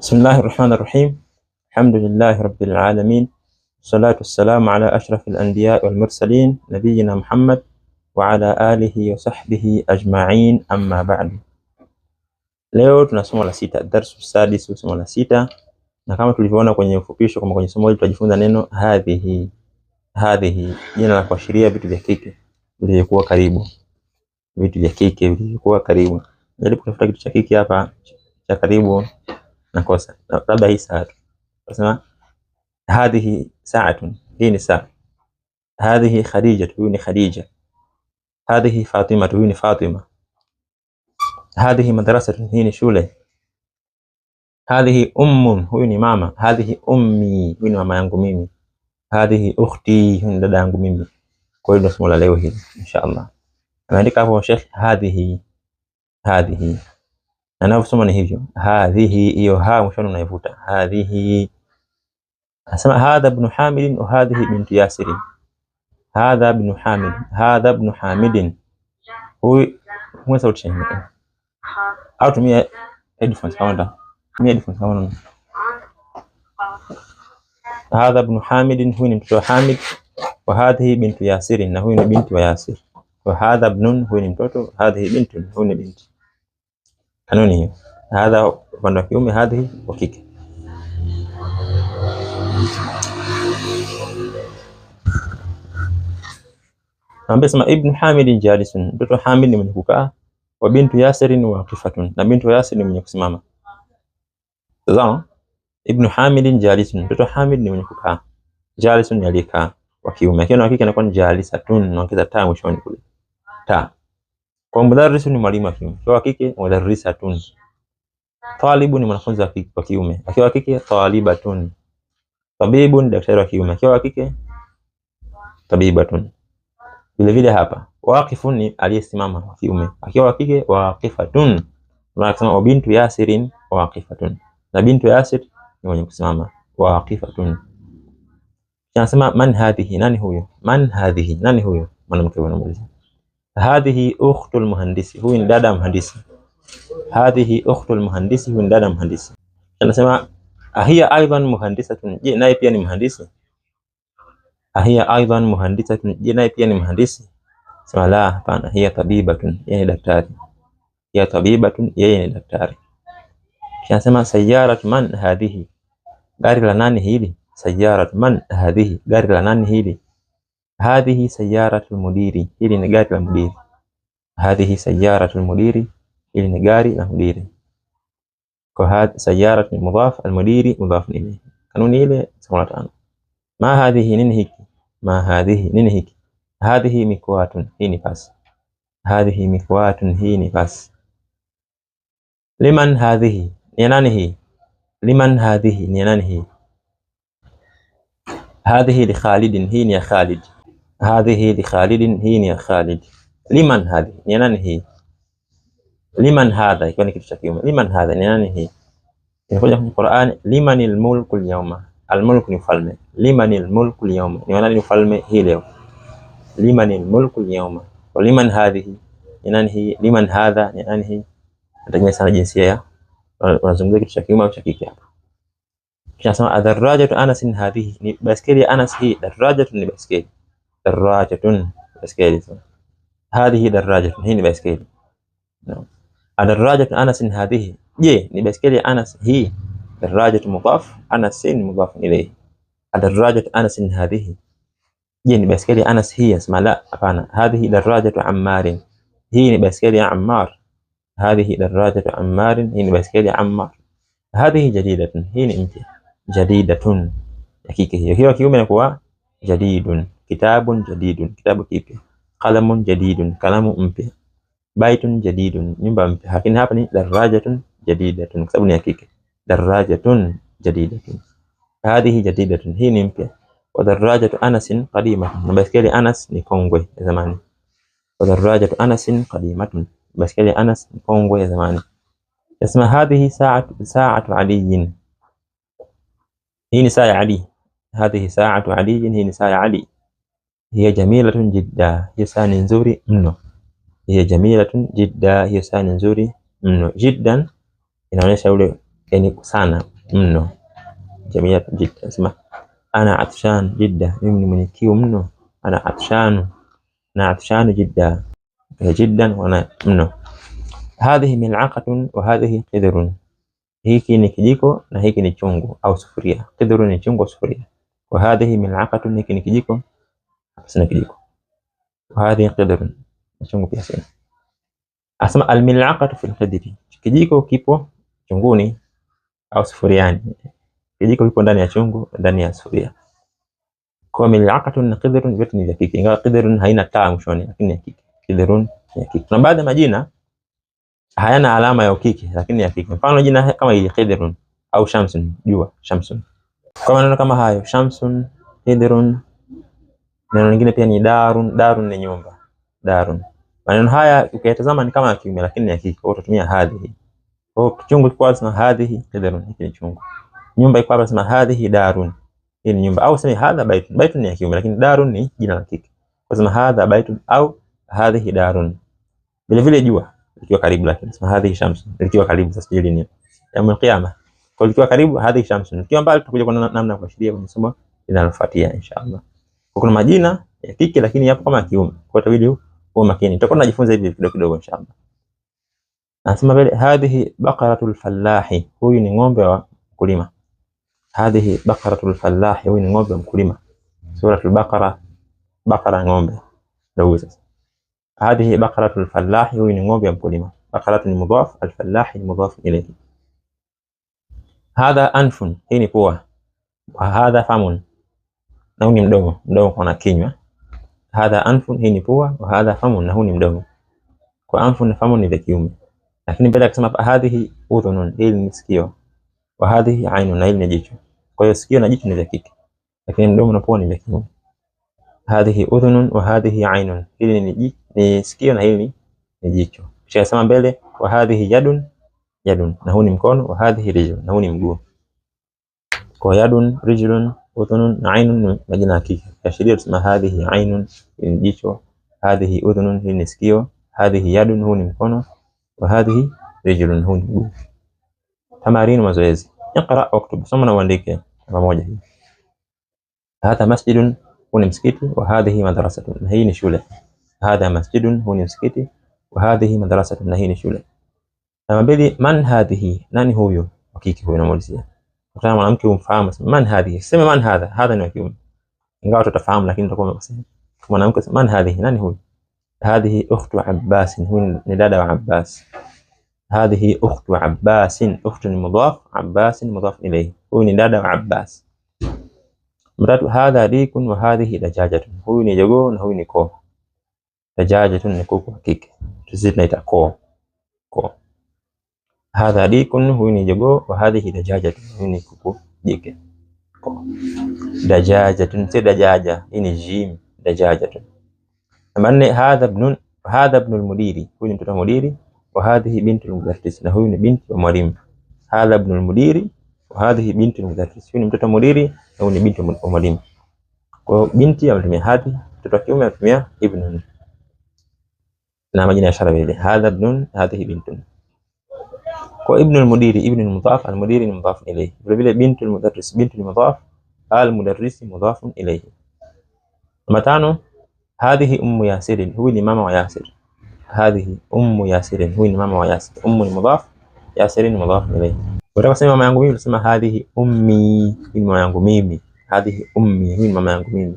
بسم الله الرحمن الرحيم الحمد لله رب العالمين والصلاة والسلام على أشرف الأنبياء والمرسلين نبينا محمد وعلى آله وصحبه أجمعين أما بعد Leo tuna somo la sita, darsu sadis, somo la sita, na kama tulivyoona kwenye ufupisho, kama kwenye somo hili tutajifunza neno hadhihi. Hadhihi jina la kuashiria vitu vya kike vilivyokuwa karibu, vitu vya kike vilivyokuwa karibu. Jaribu kutafuta kitu cha kike hapa cha karibu nakosa labda hii saatu, nasema hadhihi saatun, hii ni saa. Hadhihi khadijatu, huyu ni Khadija. Hadhihi fatimatu, huyu ni Fatima. Hadhihi madrasatun, hii ni shule. Hadhihi ummun, huyu ni mama. Hadhihi ummi, huyu ni mama yangu mimi. Hadhihi ukhti, huyu ni dada yangu mimi. Kwa hiyo ndio somo la leo hili, insha Ameandika hapo Sheikh hadhihi hadhihi na ninavyosoma ni hivyo, hadhihi, hiyo ha mwishoni unaivuta hadhihi. Anasema hadha ibn Hamid au hadhihi bintu yasirin hadha ibn Hamid, hadha ibn Hamid. Huyu kwa sauti chini au tumia headphones kaonda, tumia headphones kaonda. Hadha ibn Hamid, huyu ni mtoto wa Hamid. Wa hadhihi bintu yasirin na huyu ni binti wa Yasir. Wa hadha ibnun, huyu ni mtoto. Hadhihi bintun, huyu ni binti Kanuni hiyo, hadha upande wa kiume, hadhi wa kike. Naambia sema ibn Hamid jalisun, mtoto Hamid ni mwenye kukaa, wa bintu Yasirin waqifatun, na bintu Yasir ni mwenye kusimama. Tazama, ibn Hamid jalisun, mtoto Hamid ni mwenye kukaa, jalisun ni aliyekaa, wa kiume. Akiwa na wa kike anakuwa ni jalisatun, naongeza ta mwishoni kule ta kwa mudharrisu ni mwalimu wa kiume, akiwa kike mudharrisatun. Talibu ni mwanafunzi wa kiume, akiwa kike talibatun. Tabibu ni daktari wa kiume, akiwa kike tabibatun. Vile vile hapa waqifun ni aliyesimama wa kiume, akiwa kike waqifatun. Maana kama bintu Yasirin waqifatun, na bintu Yasir ni mwenye kusimama waqifatun. Tunasema man hadhihi, nani huyo? Man hadhihi, nani huyo? Mwanamke anamuuliza hadhihi ukhtul muhandisi, huyu ni dada mhandisi. Hadhihi ukhtul muhandisi, huyu ni dada mhandisi. Anasema ahiya aidan muhandisatun, je naye pia ni mhandisi? Ahiya aidan muhandisatun, je naye pia ni mhandisi? Sema la, hapana. Hiya tabibatun, yeye ni daktari. Hiya tabibatun, yeye ni daktari. Anasema sayyarat man hadhihi, gari la nani hili? Sayyarat man hadhihi, gari la nani hili? Hadhihi sayaratul mudiri, hili ni gari la mudiri. Hadhihi sayaratul mudiri, hili ni gari la mudiri. Kwa hadhi sayarat ni mudhaf, al mudiri mudhaf ilayhi. Kanuni ile 75. Ma hadhihi, nini hiki? Ma hadhihi, nini hiki? Hadhihi mikwatun, hii ni pasi. Hadhihi mikwatun, hii ni pasi. Liman hadhihi, ni nani hii? Liman hadhihi, ni nani hii? Hadhihi li Khalidin, hii ni ya Khalid. Hadhihi li Khalid, hii ni ya Khalid. Liman hadhi, ni nani hii? Liman hadha, ikiwa ni kitu cha kiume. Liman hadha, ni nani hii? Inakuja kwenye Qur'an, limanil mulku al-yawma. Al-mulk ni ufalme. Limanil mulku al-yawma, ni nani ufalme hii leo? Limanil mulku al-yawma. Wa liman hadhihi, ni nani hii? Liman hadha, ni nani hii? Nategemea sana jinsia ya unazungumza kitu cha kiume au cha kike hapo. Kisha sema adarrajatu Anas hadhihi, ni baskeli ya Anas hii. Darrajatu ni baskeli دراجة بسكيل هذه دراجة هي بسكيل نعم دراجة أنس هذه جي بسكيل أنس هي دراجة مضاف أنس مضاف إليه دراجة أنس هذه جي بسكيل أنس هي اسمها لا أفانا هذه دراجة عمار هي بسكيل عمار هذه دراجة عمار هي بسكيل عمار هذه جديدة هي جديدة يكيك هي كيومنا كوا جديد Kitabun jadidun, kitabu kipya. kalamun jadidun, kalamu mpya. Baitun jadidun, nyumba mpya. Lakini hapa ni darajatun jadidatun, kwa sababu ni ya Darajatun jadidatun, hadhihi jadidatun, hii ni mpya. Wa darajatu anasin qadimatun, na baiskeli Anas ni kongwe ya zamani. Wa darajatu anasin qadimatun, baiskeli Anas ni kongwe ya zamani. Yasema hadhihi saatu, saatu aliyin, hii ni saa ya Ali. Hadhihi saatu aliyin, hii ni saa ya Ali hiya jamilatun jidda, hiya sani nzuri mno. Hiya jamilatun jidda, hiya sani nzuri mno. Jiddan inaonyesha ule yani sana mno. Jamilatun jidda, sema ana atshan jidda, mimi ni mwenye kiu mno. Ana atshanu na atshanu jidda, ya jiddan wana mno. Hadhihi mil'aqatun wa hadhihi qidrun, hiki ni kijiko na hiki ni chungu au sufuria. Qidrun ni chungu au sufuria. Wa hadhihi mil'aqatun, hiki ni kijiko Sina kijiko. Hadhi qidarun, chungu pia sina. Asema almilaqatu fil qidri, kijiko kipo chunguni au sufuriani. Kijiko kipo ndani ya chungu, ndani ya sufuria. Kwa milaqatun na qidarun vyote ni vya kike, ingawa qidarun haina taa mwishoni, lakini ya kike. Qidarun ya kike. Kuna baadhi ya majina hayana alama ya ukike, lakini ya kike. Mfano jina kama hili qidarun au shamsun, jua shamsun. Kwa maneno kama hayo, shamsun, Neno lingine pia ni darun. Darun ni nyumba. Darun. Maneno haya ukiyatazama ni kama ya kiume lakini ni ya kike. Kwa hiyo utatumia hadhihi. Kwa hiyo kichungu kwa hapa, hadhihi darun. Hiki ni chungu. Nyumba iko hapa, sema hadhihi darun. Hii ni nyumba au sema hadha baitun. Baitun ni ya kiume lakini darun ni jina la kike. Kwa sema hadha baitun au hadhihi darun. Vile vile jua likiwa karibu, lakini sema hadhihi shamsu likiwa karibu. Sasa hili ni ya yaani qiyama. Kwa likiwa karibu hadhihi shamsu, likiwa mbali tutakuja kwa namna ya kuashiria kwenye somo linalofuatia inshallah. Kwa kuna majina ya kike lakini yapo kama ya kiume. Kwa hiyo itabidi uwe makini. Tutakuwa tunajifunza hivi kidogo kidogo inshallah. Nasema vile hadhihi baqaratul fallahi, huyu ni ng'ombe wa mkulima. Hadhihi baqaratul fallahi, huyu ni ng'ombe wa mkulima. Suratul Baqara, Baqara ng'ombe. Ndio sasa. Hadhihi baqaratul fallahi, huyu ni ng'ombe wa mkulima. Baqaratu ni mudhaf, al-fallahi ni mudhaf ilayhi. Hadha anfun, hii ni pua. Wa hadha famun, na huu ni mdomo, mdomo kwa na kinywa. Hadha anfun, hii ni pua, wa hadha famun, na huu ni mdomo. Kwa anfun na famun ni vya kiume, lakini baada akasema hapa hadhihi udhunun, hili ni sikio, wa hadhihi ainun, na hili ni jicho. Kwa hiyo sikio na jicho ni vya kike, lakini mdomo na pua ni vya kiume. Hadhihi udhunun wa hadhihi ainun, hili ni, ni sikio na hili ni jicho. Kisha akasema mbele, wa hadhihi yadun, yadun, na huu ni mkono, wa hadhihi rijlun, na huu ni mguu. Kwa yadun rijlun udhunun, ainun majina ya kike, tusema hadhihi ainun, ni jicho, hadhihi udhunun, hii ni sikio, hadhihi yadun, huu ni mkono, wa hadhihi rijlun, huu ni mguu. Tamarin, mazoezi. Iqra waktub, soma na uandike pamoja. Hadha masjidun, huu ni msikiti, wa hadhihi madrasatun, na hii ni shule. Hadha masjidun, huu ni msikiti, wa hadhihi madrasatun, na hii ni shule. Namba mbili, man hadhihi, nani huyo? huyo, namuulizia Mkutana mwanamke umfahamu, sema man hadhi, sema man hadha, hadha ni wa kiume, ingawa watu lakini utakuwa umekosea. Mwanamke man hadhi, nani huyu? Hadhihi ukhtu Abbas, huyu ni dada wa Abbas. Hadhihi ukhtu Abbas, ukhtu ni mudhaf, Abbas ni mudhaf ilayhi, huyu ni dada wa Abbas. Mtatu, hadha dikun wa hadhihi dajajatun, huyu ni jogoo na huyu ni koo. Dajajatun ni kuku wa kike, sisi tunaita koo, koo Hadha dikun, huyu ni jogoo. Wa hadhihi dajajatun, huyu ni kuku jike. Dajajatun si dajaja, hii ni jim. Dajajatun. Namba nne, hadha ibnun, hadha ibnul mudiri, huyu ni mtoto wa mudiri. Wa hadhihi bintul mudarris, na huyu ni binti wa mwalimu. Hadha ibnul mudiri wa hadhihi bintul mudarris, huyu ni mtoto wa mudiri na huyu ni binti wa mwalimu. Kwa hiyo binti ametumia hadhi, mtoto wa kiume ametumia ibnun na majina ya ishara vile, hadha ibnun, hadhihi bintun kwa ibnu al-mudiri, ibn al-mudhaf, al-mudiri ni mudhaf ilayhi. Vile vile bintu al-mudarris, bintu al-mudhaf, al-mudarris mudhaf ilayhi. Matano, hadhihi ummu Yasirin, huyu ni mama wa Yasir. Hadhihi ummu Yasirin, huyu ni mama wa Yasir. Ummu ni mudhaf, Yasirin mudhaf ilayhi. Unataka kusema mama yangu mimi, unasema hadhihi ummi, ni mama yangu mimi. Hadhihi ummi, huyu ni mama yangu mimi.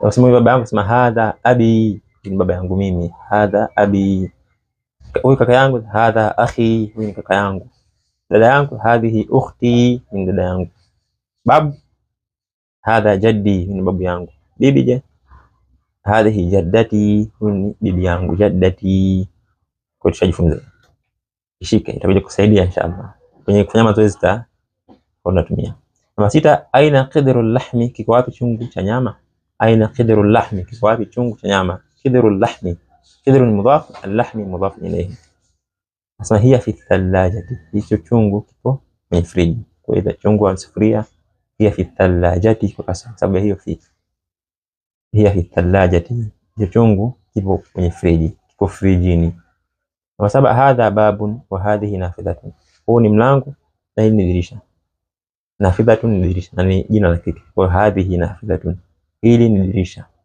Unasema baba yangu, unasema hadha abi, ni baba yangu mimi. Hadha abi huyu kaka yangu, hadha akhi, huyu ni kaka yangu. Dada yangu, hadhihi ukhti, ni dada yangu. Babu, hadha jaddi, ni babu yangu. Bibi je, hadhihi jaddati, huyu ni bibi yangu. Jaddati kwa tushajifunza, ishike, itakuja kusaidia inshallah kwenye kufanya mazoezi. Ta unatumia namba sita. Aina qidru lahmi, kiko wapi chungu cha nyama? Aina qidru lahmi, kiko wapi chungu cha nyama? Qidru lahmi Idhrun mudhaf, al-lahmi mudhaf ilayhi. Sasa hiya fi thallajati, hicho chungu kipo kwenye friji. Kwa hiyo chungu au sufuria hiya fi thallajati, kwa sababu hiyo fi hiya fi thallajati, hicho chungu kipo kwenye friji, kipo frijini. Kwa sababu hadha babun wa hadhihi nafidatun, huu ni mlango na hili ni dirisha. Nafidatun ni dirisha, na ni jina la kitu. Kwa hadhihi hili ni dirisha